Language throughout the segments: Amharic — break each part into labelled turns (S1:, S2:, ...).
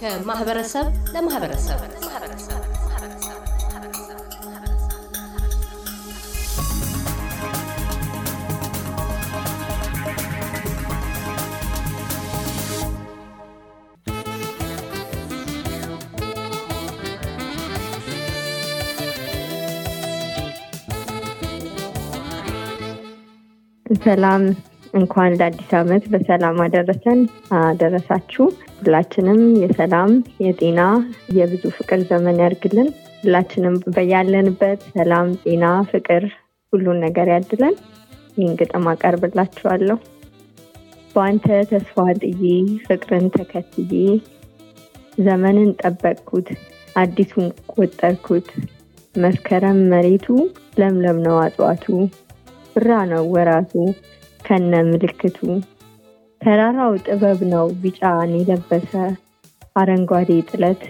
S1: ከማህበረሰብ ለማህበረሰብ
S2: ሰላም እንኳን ለአዲስ አመት በሰላም አደረሰን አደረሳችሁ። ሁላችንም የሰላም የጤና የብዙ ፍቅር ዘመን ያርግልን። ሁላችንም በያለንበት ሰላም፣ ጤና፣ ፍቅር ሁሉን ነገር ያድለን። ይህን ግጥም አቀርብላችኋለሁ። በአንተ ተስፋ ጥዬ ፍቅርን ተከትዬ ዘመንን ጠበቅኩት አዲሱን ቆጠርኩት መስከረም መሬቱ ለምለም ነው አጽዋቱ ብራ ነው ወራቱ ከነ ምልክቱ ተራራው ጥበብ ነው ቢጫን የለበሰ አረንጓዴ ጥለት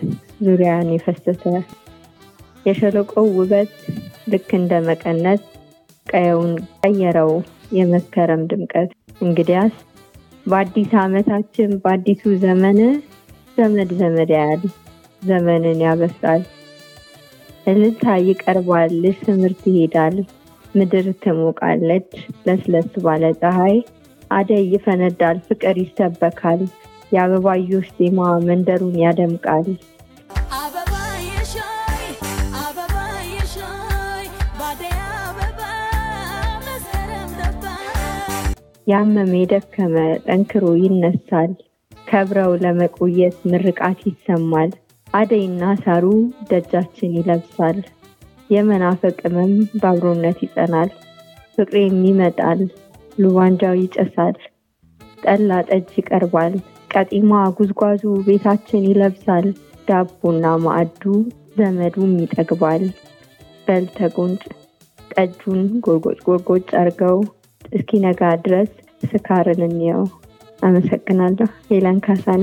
S2: ዙሪያን የፈሰሰ የሸለቆው ውበት ልክ እንደ መቀነት ቀየውን ቀየረው የመስከረም ድምቀት። እንግዲያስ በአዲስ ዓመታችን በአዲሱ ዘመን ዘመድ ዘመድ ያያል ዘመንን ያበስራል። እልልታ ይቀርባል፣ ትምህርት ይሄዳል። ምድር ትሞቃለች፣ ለስለስ ባለ ፀሐይ አደይ ይፈነዳል፣ ፍቅር ይሰበካል፣ የአበባዮሽ ዜማ መንደሩን ያደምቃል። ያመመ የደከመ ጠንክሮ ይነሳል፣ ከብረው ለመቆየት ምርቃት ይሰማል። አደይና ሳሩ ደጃችን ይለብሳል። የመናፈቅምም በአብሮነት ይጸናል። ፍቅሬም ይመጣል፣ ልዋንጃው ይጨሳል፣ ጠላ ጠጅ ይቀርባል። ቀጢማ ጉዝጓዙ ቤታችን ይለብሳል፣ ዳቦና ማዕዱ ዘመዱም ይጠግባል። በል ጠጁን ጎርጎጭ ጎርጎጭ አርገው እስኪነጋ ድረስ ስካርን እንየው። አመሰግናለሁ። ሄለን ካሳኔ